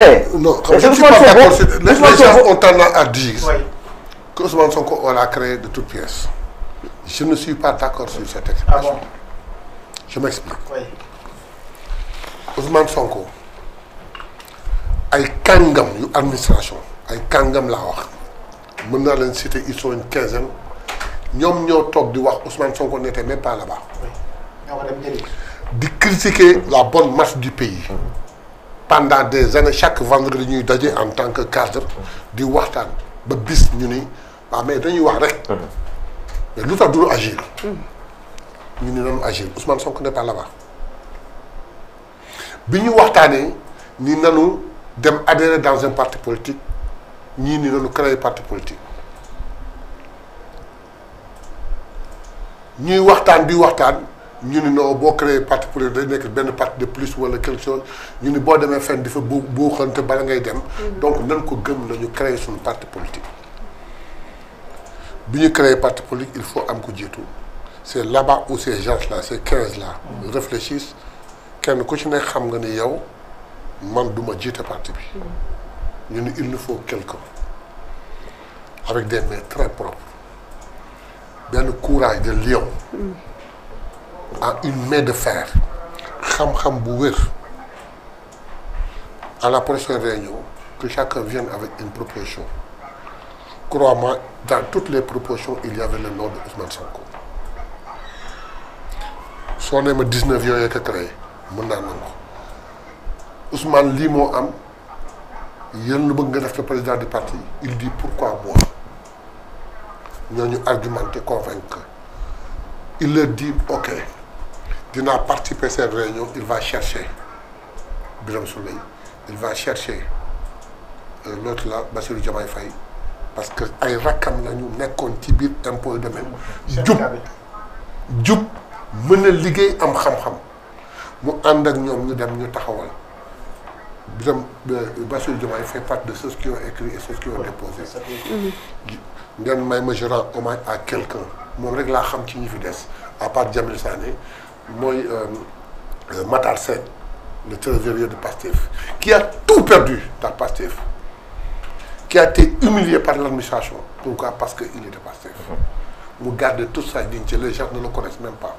Eh, non, eh, je ne suis pas d'accord. Les l'a créé de toutes pièces. Je ne suis pas d'accord sur cette ah expression. Je m'explique. Oui. Sonko ay kàngam yu administration ay kàngam laa wax mën naa leen citer ils sont une quinzaine ñoom ñoo toog di wax Ousmane Sonko n'était même pas là-bas. di critiquer la bonne marche du pays. pendant des années chaque vendredi ñuy daje en tant que cadre di waxtaan ba bis ñu ni waaw mais dañuy wax rek mhm. mais lu tax du ñu agir ñu ni nanu agir Ousmane Sonko n'est pas là-bas bi ñu waxtaanee ni nanu dem adhérer dans un parti politique ñii ni nanu créer parti politique ñuy waxtaan di waxtaan ñu ni non boo créé parti politique day nekk benn parti de plus wala quelque chose ñu ni boo demee fenn di fa bu buuxante bala ngay dem. Mm-hmm. donc nan ko gëm la ñu créé suñu parti politique. bi ñu créé parti politique il faut am ko jiitu c' est là-bas où ces gens là ces quinze là. Mm-hmm. réfléchissent kenn ku ci ne xam nga ni yow man duma ma jiite parti bi. Mm-hmm. ñu ni il nous faut quelqu'un avec des très propres benn courage de lion. à une mais de fer xam-xam bu wér à la prochaine réunion que chacun vienne avec une proposition crois dans toutes les propositions il y le nom de Ousmane Sonko soo nee ma 19 yooyu ko créé mën naa nangu Ousmane lii moo am yéen lu bëgg nga def le président du parti il dit pourquoi moi ñooñu argumenté convaincre il leur dit ok. dinaa participer à cette réunion il va chercher Birame Souleye il va chercher euh, l'autre là Bassirou Diomaye Faye parce que ay rakkam la ñu nekkoon ci biir impôt domaine jub jub mën na liggéey am xam-xam mu ànd ak ñoom ñu dem ñu taxawal Birame euh, Bassirou Diomaye fait partie de ceux qui ont écrit et ceux qui ont déposé mhm. ngeen may ma je rends hommage à quelqu'un moom rek laa xam ci ñu fi des à part Jamil Sané mooy euh, euh, Matar Sène le trésorier de Pastef qui a tout perdu dans Pastef qui a été humilié par l'administration pourquoi parce que il était Pastef mu garde toute sa dignité les gens ne le connaissent même pas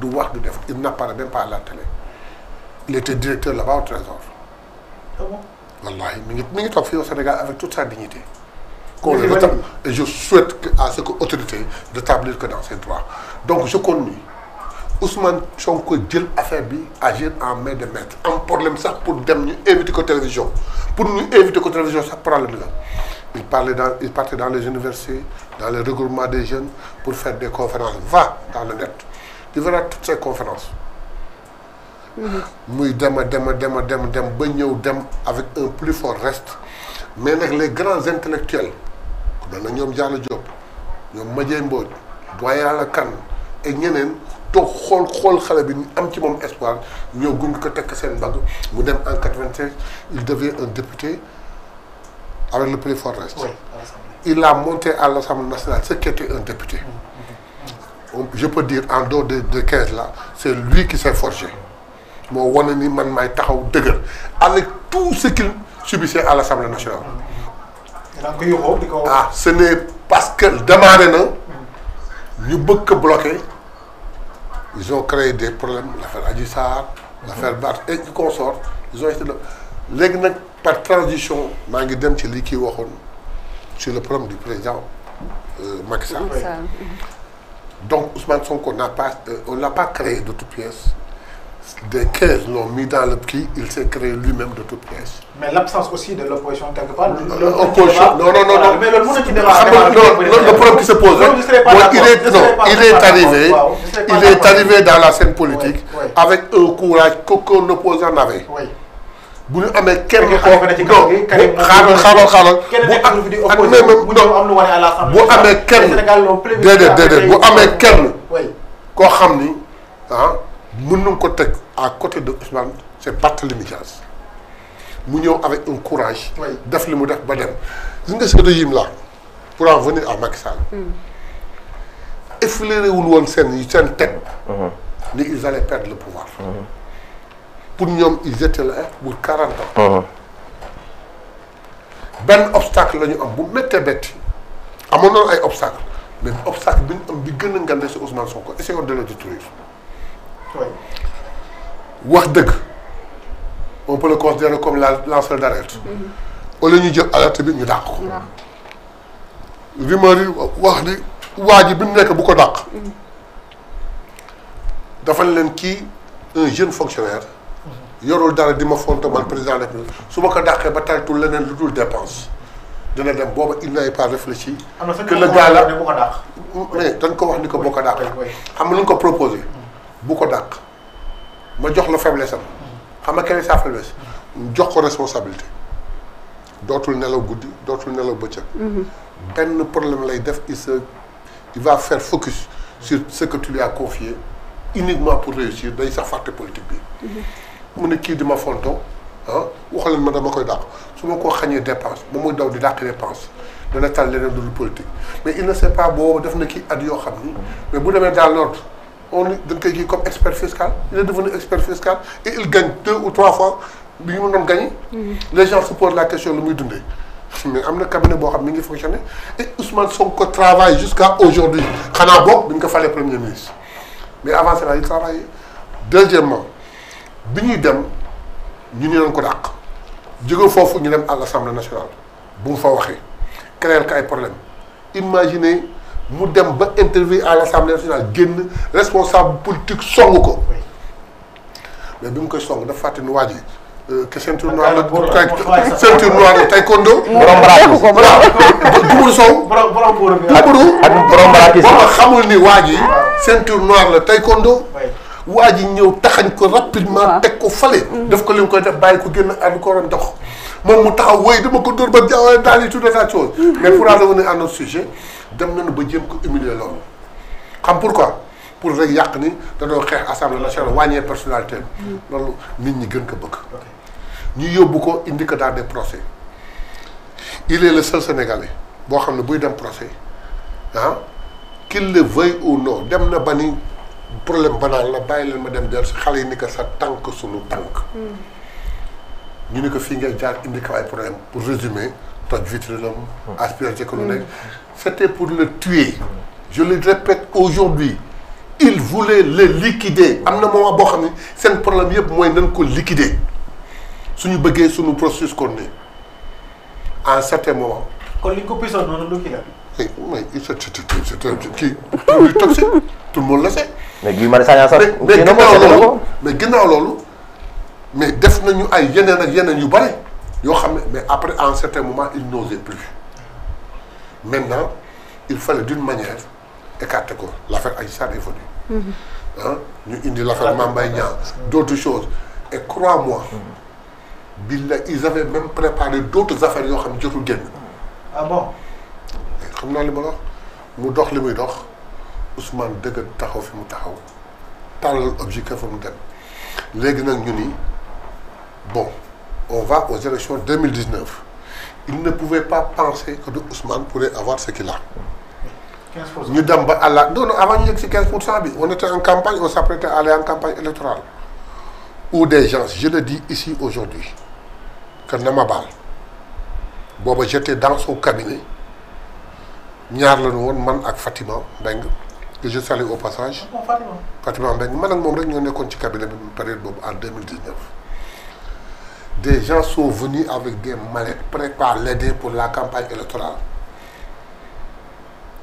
du wax du def il n'apparaît même pas à la télé il était directeur là-bas au trésor ah wallahi mi ngi mi ngi fii au Sénégal avec toute sa dignité qu'on le rétablisse et je souhaite que à ce que autorité rétablir que dans ses droits donc je compte Ousmane Sonko jël affaire bi agir en mais de maître am problème sax pour dem ñu invité ko télévision pour ñu invité ko télévision sax problème la il parlait dans il partait dans les universités dans les regroupements des jeunes pour faire des conférences va dans le net tu verras toutes ces conférences mm-hmm. muy dem a dem a dem a dem dem ba ñëw dem avec un plus fort rest mais nag les grands intellectuels ku mel na ñoom Diallo Diop ñoom Madiaye Mbodj doyen Alain Kane et ñeneen toog xool xool xale bi am ci moom espoir ñoo gunge ko tekk seen mbagg mu dem en 96 il devient un député avec le prix Forest. il a monté à l'Assemblée nationale ce qui était un député. Mm, mm, mm. je peux dire en dehors de de 15 là c'est lui qui s'est forgé moo wane ni man may taxaw dëgër avec tout ce qu'il subissait à l'Assemblée nationale. ah ce n'est parce que démarré na ñu bëgg bloqué. ils ont créé des problèmes l'affaire Adji Sarr l'affaire Barth et consorts ils ont été là léegi nag par transition maa ngi dem ci li kii waxoon sur le problème du président euh, Macky donc donc Ousmane Sonko n'a pas euh, on l'a pas créé de pièces des 15 l'ont mis dans le prix, il s'est créé lui-même de toutes pièces. Mais l'absence aussi de l'opposition quelque part. L'opposition, euh, non, non, non, non. Mais le monde qui débat. le problème qui se pose, il est arrivé, il est arrivé dans la scène politique avec un courage qu'aucun opposant n'avait. bu ñu amee kenn ko non bu xaaral xaaral xaaral bu ak même non bu amee kenn déedéet déedéet bu amee kenn koo xam ni ah. mën nañ ko teg à côté de Ousmane c'est Barthélémy Dias mu ñëw avec un courage. def li mu def ba dem. gis nga ce régime là pour en venir à Macky Sall. Mm. woon seen seen tête. Uh-huh. ni ils allaient perdre le pouvoir. Uh-huh. pour ñoom ils étaient là pour quarante ans. Uh-huh. benn obstacle la ñu am bu méttee métti amoon noonu ay obstacle mais obstacle bi ñu am bi gën a ngande si Ousmane Sonko essayons de le détruire. wax dëgg on peut le considérer comme la lanceur d'alerte mm-hmm. au lieu ñu jël alerte bi ñu dàq ko rumeur mm-hmm. yi wax ni waa ji bi mu nekk bu ko dàq mm-hmm. dafa leen kii un jeune fonctionnaire yorul dara di ma fonto man président de su ma ko dàqee ba taytul leneen lu dul dépense dina dem booba il n'a pas réfléchi que le gars la mais dañ ko wax ni ko boo ko dàq xam nga lu ñu ko proposé bu ko dàq ma jox la faiblesse am xam nga kenn sa faiblesse mm. jox ko responsabilité dootul nelaw guddi dootul nelaw bëccëg. Mm-hmm. benn problème lay def il se il va faire focus sur ce que tu lui as confié pour réussir day sax fàtte politique bi. Mm-hmm. mu ne kii di ma fonto ah wax leen ma dama koy dàq su ma ko xañee dépense ba muy daw di dàq dépense dana tal leneen lu dul politique mais il ne sait pas boobu def na ki at yoo xam ni mais bu demee dans l'ordre on dañ koy kii comme expert fiscal il est devenu expert fiscal et il gagne deux ou trois fois bi ñu mën doon gagné. Mm-hmm. les gens se la question lu muy dundee. mais am na cabinet boo xam mi ngi fonctionné et Ousmane Sonko travaille jusqu'à aujourd'hui xanaa boog bi ñu ko falee premier ministre mais avant cela il travaille deuxièmement bi ñuy dem ñu ne leen ko dàq jóge foofu ñu dem à l'Assemblée nationale bu mu fa waxee créer ko ay problème imaginez mu dem ba interview à l' assemblée nationale génn responsable politique song ko mais bi mu koy song dafa fàtte ni waa ji euh, que ceinture noire la ceinture noire la taekwondo. borom baraakis waaw Dumbul borom borom borom borom xamul ni waa ji ceinture noire la taekwondo. waa ji ñëw taxañ ko rapidement ah. teg ko fale. Mm. def ko li mu koy def bàyyi ko génn ànd ko dox. moom mu taxaw wooy dama ko dóor ba jaww daal di tout état mais pour en revenir à notre sujet dem nañu ba jéem ko humilier loolu xam pour pourquoi pour rek yàq ni dañoo xeex assemblée nationale wàññee personnalité loolu nit ñi gën ko bëgg ñu yóbbu ko indi ko dans des procès il est le seul boo xam ne buy dem procès ah qu'il le veuille ou non dem na ba ni problème banal la bàyyi leen ma dem dellu si xale yi ni ko sa tànk suñu tank ñu ni ko fii ngay jaar indi ko ay problème pour résumer toj vitrinam hmm. aspirer ci ko lu nekk c'était pour le tuer je le répète aujourd'hui il voulait le liquider am na moment boo xam ne seen problème yëpp mooy nañ ko liquider suñu bëggee suñu processus continuer à un certain moment kon li ñu ko puissant noonu lu ki la oui eh, mais c'est kii produit toxique tout le monde le sait mais Guy Marius Sagna sax mais ginnaaw loolu mais ginnaaw loolu mais def nañu ay yeneen ak yeneen yu bare yoo xam ne mais après à un certain moment il n'osait plus maintenant il fallait d'une manière écarter ko l'affaire Adji Sarr est mm-hmm. ñu indi l'affaire Mame Mbaye Niang d'autres choses et crois-moi mm-hmm. billa ils avaient même préparé d'autres affaires yoo xam ne jotul génn ah bon xam naa li ma wax mu dox li muy dox Ousmane dëgg taxaw fi mu taxaw tàllal objectif fa mu dem léegi nag ñu ni bon on va aux élections 2019 il ne pouvait pas penser que de Ousmane pourrait avoir ce qu'il a. ñu dem ba à la non non avant ñu yegg si 15 pour cent bi on était en campagne on s'apprêtait aller en campagne électorale où des gens je le dis ici aujourd'hui que na ma baal booba jete dans son cabinet ñaar la woon man ak Fatima Mbengue que je salue au passage. Fatima moom rek ñoo nekkoon ci cabinet bi période boobu en des gens sont venus avec des mallettes préparent l'aider pour la campagne électorale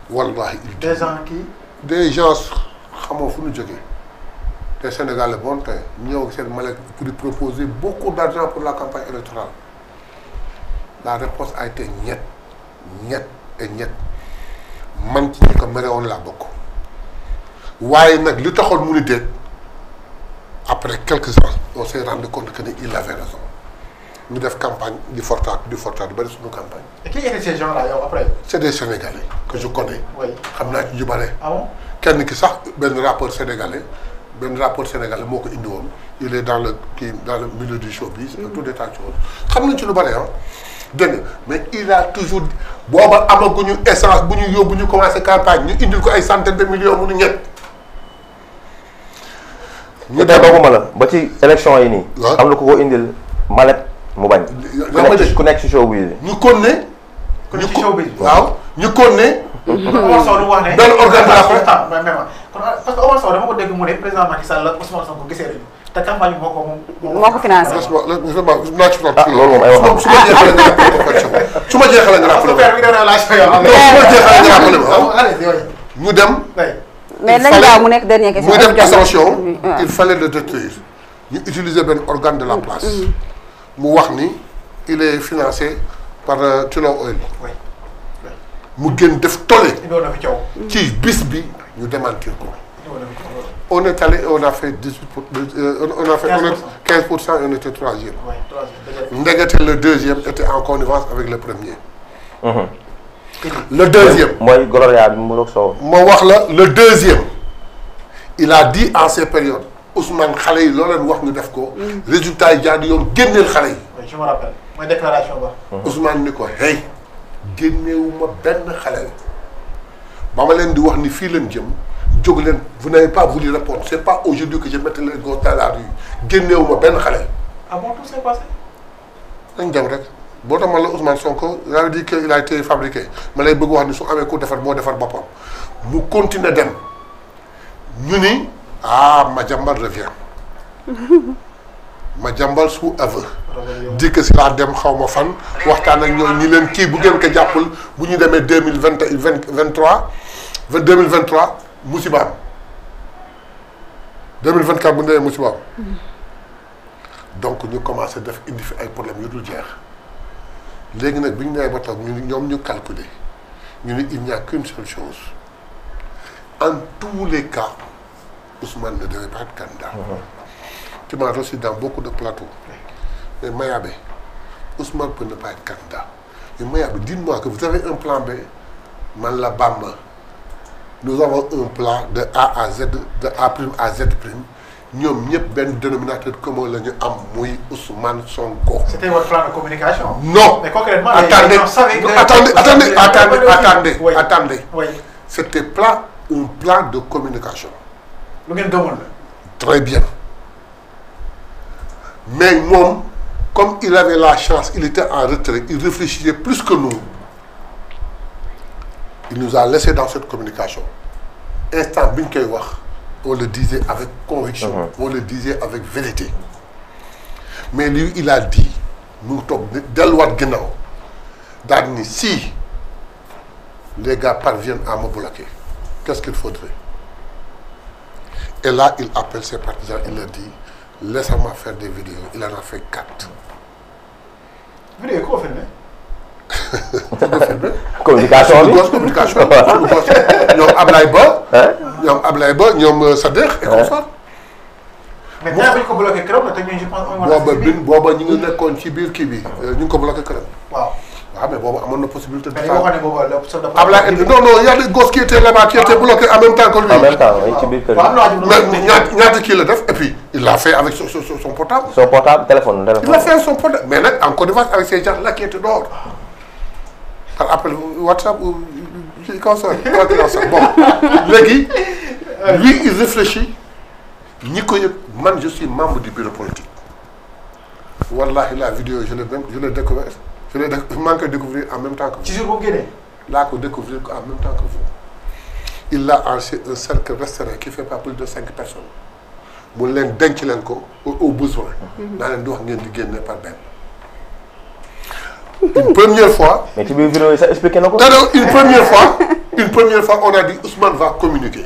wallahi des gens qui. xamoo fu ñu jógee te Sénégal la bon tey ñëw seen mallette pour di proposer beaucoup d'argent pour la campagne électorale la réponse a été ñett ñett man ci ñi ko mere woon laa bokk waaye nag li taxoon mu ni déet après quelques ans on s'est rendu compte que il avait raison ñu def campagne di fortaatu di fortaatu ba suñu campagne. et qui étaient ces gens-là xam naa ci ñu ah bare. kenn ki sax benn rappeur sénégalais benn rapport sénégalais moo ko indi woon il est dans le kii dans le milieu du showbiz. Mm. tout des tas de choses lu bare ah. mais il a toujours booba amaguñu essence bu ñu yóbbu ñu commencé campagne ñu indil ko ay centaine de millions mu nu ñett. ñu dee ba la ba ci élection yi nii. am na ku ko indil mallette. mu bañ. ku nekk ku nekk ci show bi waaw ñu kon ne. Omar Sow mu wax ne. benn organisation ah, parce que Omar Sow dama ko dégg mu ne président Macky Sall la Ousmane Sonko gisee rek te campagne bi moo ko moom. moo ko financé ah, loolu moom ay wax su ñu dem. mais lañ daaw mu nekk dernière question. mu dem ascension. il fallait le détruire ñu utiliser benn organe de la mm, place. Mm. mu wax ni il est financé par euh, Tullow Oil. mu gën def tollé. ci bis bi ñu démentir ko. on est allé a fait dix huit pour euh, on a fait on a quinze pour cent on trois troisième. ndegete le deuxième était en connivence avec le premier. Mhm. le deuxième. mooy Gloria bi moo wax la le deuxième il a di en ces périodes. Ousmane xale yi loo leen wax ñu def ko. résultat yi jaar yoon génneel xale yi. je me ba. Ousmane ni ko hey génnewuma benn xale la ba ma leen di wax ni fii leen jëm jóg leen vous n'avez pas voulu répondre c'est pas aujourd'hui que je mette les gosses génnewuma benn xale. ah bon tout dem rek boo tax man la Ousmane Sonko yaa di que il a été fabriqué ma lay bëgg wax ni su amee ku defar moo defar boppam mu continuer dem ñu ni. ah Madiambal revient Madiambal sous aveu dit que si laa dem xaw ma fan waxtaan ak ñoom ñi leen kii bu ngeen ko jàppul bu ñu demee deux mille vingt vingt trois deux mille vingt trois musibaam deux mille vingt quatre mu ñu demee musibaam donc ñu commencé def indi fi ay problèmes yu dul jeex léegi nag bi ñu nee ba toog ñu ñoom ñu calculer ñu ne il n'y a qu'une seule chose en tous les cas Ousmane ne devait pas être candidat. Uh-huh. Tu m'as dans beaucoup de plateaux. Mais Mayabé, Ousmane peut ne pas être candidat. Mais Mayabé, moi que vous avez un plan B, Manla Bamba. Nous avons un plan de A à Z, de A prime Z prime. ñoom ñëpp benn dénominateur commun la ñu am muy Ousmane Sonko. c'était votre non mais concrètement attendez attendez attendez c'était plan un plan de communication. lu ngeen gëmoon la. très bien mais moom comme il avait la chance il était en retrait il réfléchissait plus que nous il nous a laissé dans cette communication instant bi ñu koy wax on le disait avec conviction. Ah on le disait avec vérité mais lui il a dit mu ngi toog delluwaat ginnaaw daal ni si les gars parviennent à me bloquer qu'est-ce qu'il faudrait. Et la il appelle ses partisans, il leur dit Laissez-moi faire des vidéos. Il en a fait quatre. Vidéo, quoi filmer communication bi communication bi ñoom Ablaye Ba. ñoom Ablaye euh, Ba ñoom Saddeq et consorts. mais ñaar bi ñu ko bloqué këram te ñun je pense. booba bi booba ñu ngi nekkoon ci biir kii bi euh, ñu ngi ko bloqué këram. waaw ah, mais boobu amoon na possibilité. de faire Ablaye non non y a des gosses qui étaient là-bas qui étaient ah. bloqués en même temps que lui. en la def et puis il l'a fait avec son son portable. son portable téléphone téléphone. i l'a fait son portable mais nag en Côte d'Ivoire avec ces gens là qui étaient par appel WhatsApp ou comment lui il réfléchit ñi ko yëg man je suis membre du bureau politique wallahi la vidéo je l'ai même je l'ai manqué découvrir en même temps que ci jour boobu génnee laa ko découvrir en même temps que vous il a enrichi un cercle restreint qui fait pas plus de cinq personnes mu leen denc leen ko au besoin mhm. naa leen di ngen di génne par benn une première fois. mais ci biir vidéo yi sax expliqué na ko. une première fois une première fois on a dit Ousmane va communiquer.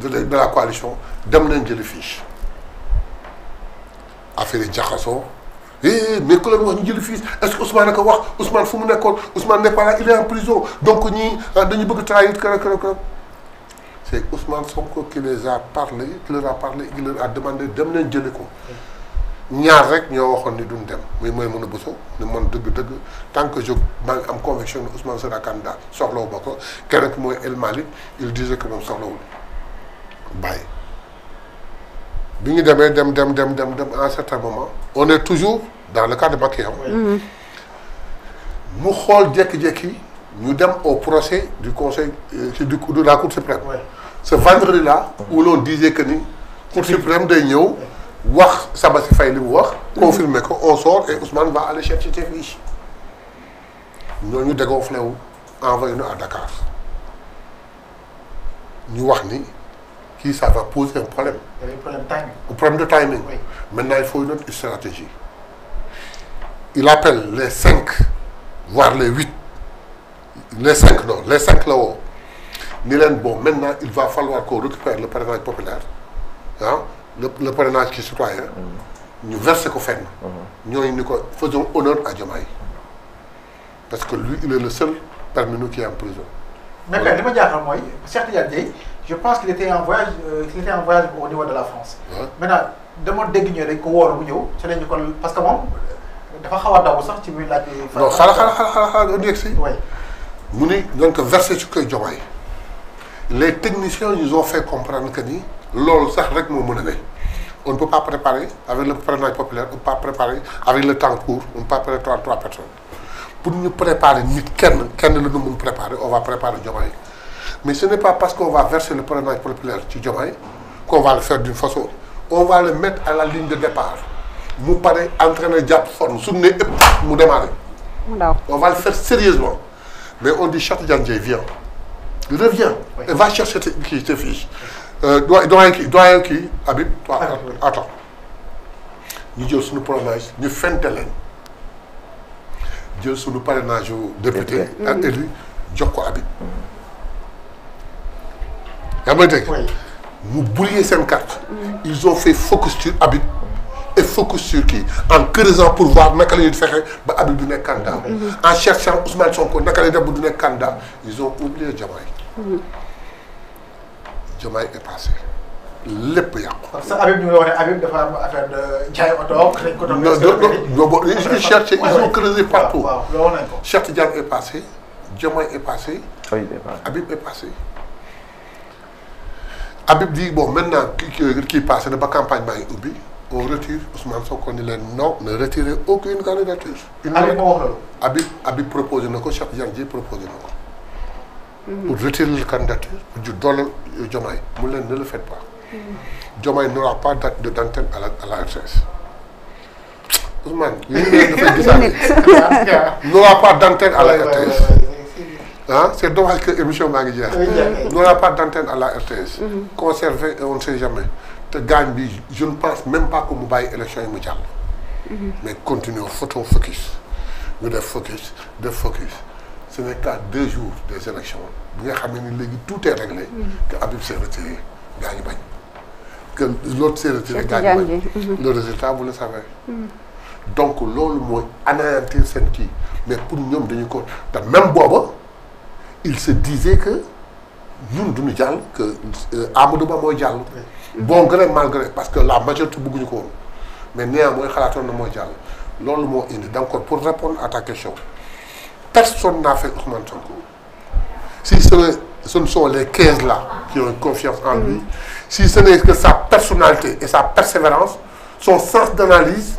de de la coalition dem nañ jëli fiche affaire yi jaxasoo eh mais ku leen wax ñu jëli fiche est-ce que Ousmane a wax Ousmane fu mu nekkoon Ousmane n'est pas là il est en prison donc ñii ah, dañu bëgg trahir kër kër kër c'est Ousmane Sonko qui les a parlé qui a parlé a demandé dem nañ jëli ko. ñaar rek ñoo waxoon ni duñ dem muy mooy mën a bësoo ni man dëgg-dëgg tant que je maa ngi am conviction ne Ousmane sera candidat soxlawu ba ko keneen ki mooy El Malick bàyyi bi ñu demee dem dem dem dem dem à un certain moment on toujours dans le cas de Bakiyam mm-hmm. mu xool jékki-jékki ñu dem au procès du conseil ci euh, du de la cour suprême ce vendredi là où l'on disait ni cour suprême day ñëw wax Sabassy fay li mu wax mm-hmm. confirmer ko on sort et Ousmane va aller chercher ses fiches ñooñu dégonflé wu envoyé nu à Dakar ñu wax ni qui ça va poser un problème. Il y a un problème de timing. Un il faut une stratégie. Il appelle les 5, voire les 8. Les 5, non, les 5 là-haut. bon, maintenant, il va falloir qu'on récupère le parrainage populaire. Hein? Le, le parrainage qui citoyen. Mmh. Nous versons qu'on fait. Mmh. Nous faisons honneur à Diomaye. Parce que lui, il est le seul parmi nous qui est en prison. Mais voilà. je je pense qu'il était en voyage euh, qu'il était en voyage au niveau de la France. maintenant dama dégg ñëw dañ ko woor bu ñëw ci lañ ñu parce que moom euh, dafa xaw a daw sax ci muy laaj. Euh, non xaaral xaaral xaaral xaaral du si. mu ni donc versé ci koy Diomaye les techniciens ils ont fait comprendre que ni loolu sax rek moo mën a ne on ne peut pas préparer avec le parrainage populaire on ne peut pas préparer avec le temps court on ne pas préparer pour ñu préparer nit kenn kenn la ñu mun préparer on va préparer Diomaye. Mais ce n'est pas parce qu'on va verser le parrainage populaire ci Diomaye qu'on va le faire d'une façon on va le mettre à la ligne de départ mu pare entraîner jàpp forme su ne ëpp mu démarrer. waaw on va le faire sérieusement mais on dit Cheikh Tidiane Dièye viens reviens et va chercher tes kii tes fiches euh, doyen kii doyen kii Habib toi ah, attends ñu jël suñu parrainage ñu fente leen jël suñu parrainage député ak élu jox ko Habib Abletek mu brouillé seen carte. Mm. ils ont fait focus sur Habib et focus sur kii en creusant pour voir naka la ñuy fexe ba Habib du nekk candidat. Mm-hmm. en cherchant Ousmane Sonko naka la ñuy def ba du nekk candidat ils ont oublié Diomaye. Mm-hmm. Diomaye est passé. lépp yàqu. parce que Habib ñu ngi wax ne Habib dafa am affaire de jaay oto. dañ ko doon non ils cherché ils ont creusé partout. waaw waaw loolu nañ ko. Cheikh Tidiane est passé Diomaye est passé. Habib est passé. Habib dit bon maintenant kii kii passé na ba campagne baa ngi ubbi on retire Ousmane Sonko ni leen non ne retirez aucune candidature. Habib moo wax loolu. Habib Habib proposé na ko Cheikh Dieng ji proposé na ko. Mhm. pour retirer la candidature pour ju dooleel euh, Diomaye mu leen ne le faites pas. Mhm. Diomaye n'aura pas date de d'antenne à la à la ne dafay gisaane. n'aura à la RTS. ah c' est dommage que émission maa ngi jeex. on n'a pas d' à la RTS. Mhm. conservé et on ne sait te gaañ bi jeune ne pense même pas que mu bàyyi élection yi mu jàll. Mhm. mais continuons photo focus ñu def focus def focus ce n' est deux jours des élections bi nga xam ne ni léegi tout est réglé. Mhm. que Habib Sy retiré gaa ñu bañ. que l' autre s' est bañ le résultat vous le savez. donc loolu mooy anéantir seen kii mais pour ñoom dañu ko te même booba. il se disait que ñun duñu jàll que euh, Amadou Ba mooy jàll. bon gré mal gré parce que la majorité bëgguñu ko woon mais néanmoins xalaatoon na mooy jàll loolu moo indi donc pour répondre à ta question personne n'a fait Ousmane Sonko si ce ce ne sont les 15 là qui ont confiance en lui mm-hmm. si ce n'est que sa personnalité et sa persévérance son sens d'analyse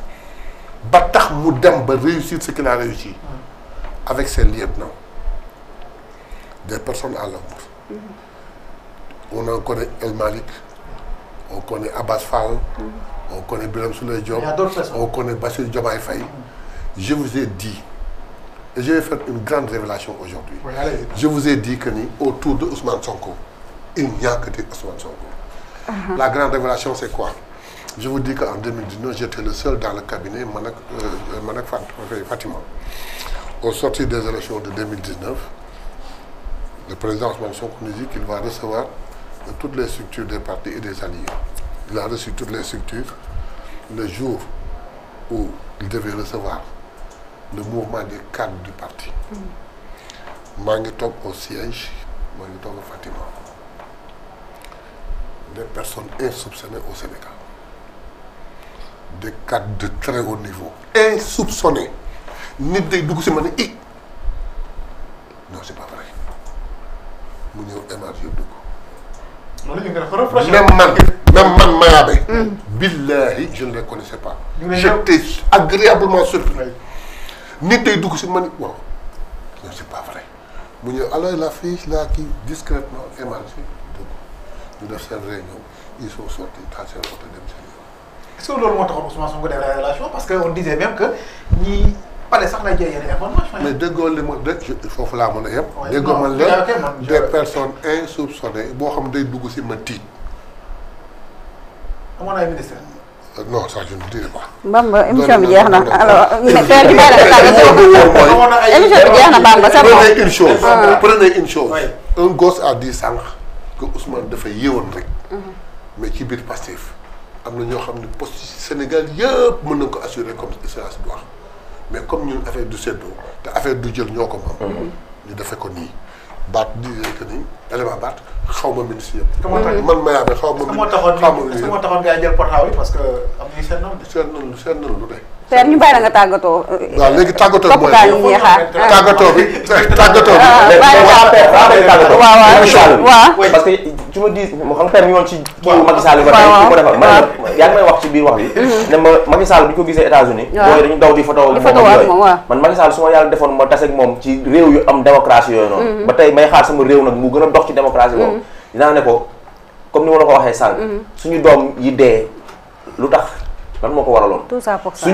ba tax mu dem ba réussir ce qu'il a réussi mm. avec ses lieutenants des personnes à l'ombre. Mm -hmm. On en connaît El Malik, on connaît Abbas Fall, mm -hmm. on connaît Biram Souley Diop, on connaît Bassir Diomaye Faye. Mm Je vous ai dit, je vais une grande révélation aujourd'hui. Oui, je vous ai dit que ni autour de Ousmane Sonko, il n'y a que des Ousmane Sonko. Uh -huh. La grande révélation, c'est quoi Je vous dis qu'en 2019, j'étais le seul dans le cabinet Manak, euh, Manak Fatima. sortir des élections de Le président Ousmane Sonko nous dit qu'il va recevoir toutes les structures des partis et des alliés. Il a reçu toutes les structures le jour où il devait recevoir le mouvement des cadres du parti. maa ngi toog au siège maa ngi toog au Fatima des personnes insoupçonnées au Sénégal des cadres de très haut niveau insoupçonnés nit day dugg si ma ne i non c'est pas mu ñëw émarge yóbbu ko. loolu ñu même man même man Mayabe. Mm. billahi je ne les connaissais pas. j'étais agréablement surpris. nit day dugg si man waaw non c'est pas vrai mu ñëw alors la fille là qui discrètement émarge dugg ñu def seen réunion ils sont sortis dans seen oto dem seen yoon. est-ce que loolu moo taxoon Ousmane Sonko def révélation parce on disait même que ñi. pare sax lay mais déggoo li ma foofu laa mën a yem. déggoo ma la des personnes insoupçonnées boo xam day dugg si ma tiit. amoon ay ministère. non Bamba émission bi jeex na alors. émission bi Bamba sax. prenez une chose ah. prenez une chose. un gosse a dit sànq que Ousmane dafa yéewoon rek. Mm-hmm. mais ci biir Pastef am na ñoo xam ne poste Sénégal yëpp mën na ko assurer comme ça se doit. mais comme ñun affaire du seddoo te affaire du jël ñoo ko moom. Mhm. ñu defe ko nii baat di que ni élément baat xaw ma ministre yëpp. man ma yaakaar xaw ma. xaw yëpp est-ce que moo taxoon est-ce que moo tax ngay jël portable yi parce que am nañu seen noonu. seen noonu seen noonu lu de. père ñu bàyyi la nga tàggatoo. waaw léegi tàggatoo bi mooy ñuy xaar tàggatoo bi tàggatoo bi. Ah, parce que su ma di xam nga père ñu ci. waaw Macky Sall ba defal. wax ci biir wax bi. Mm-hmm. ma Macky Sall bi gisee États-Unis booy dañu daw di photo moom ak yooyu man Macky Sall su ma yàlla defoon ma tase moom ci réew yu am démocratie yooyu noonu. Mm-hmm. ba tey may xaar sama réew nag mu gën a dox ci démocratie boobu. Mm-hmm. dinaa ne ko comme ni ma la ko waxee sànq. suñu doom yi dee lu tax lan moo ko waraloon. tout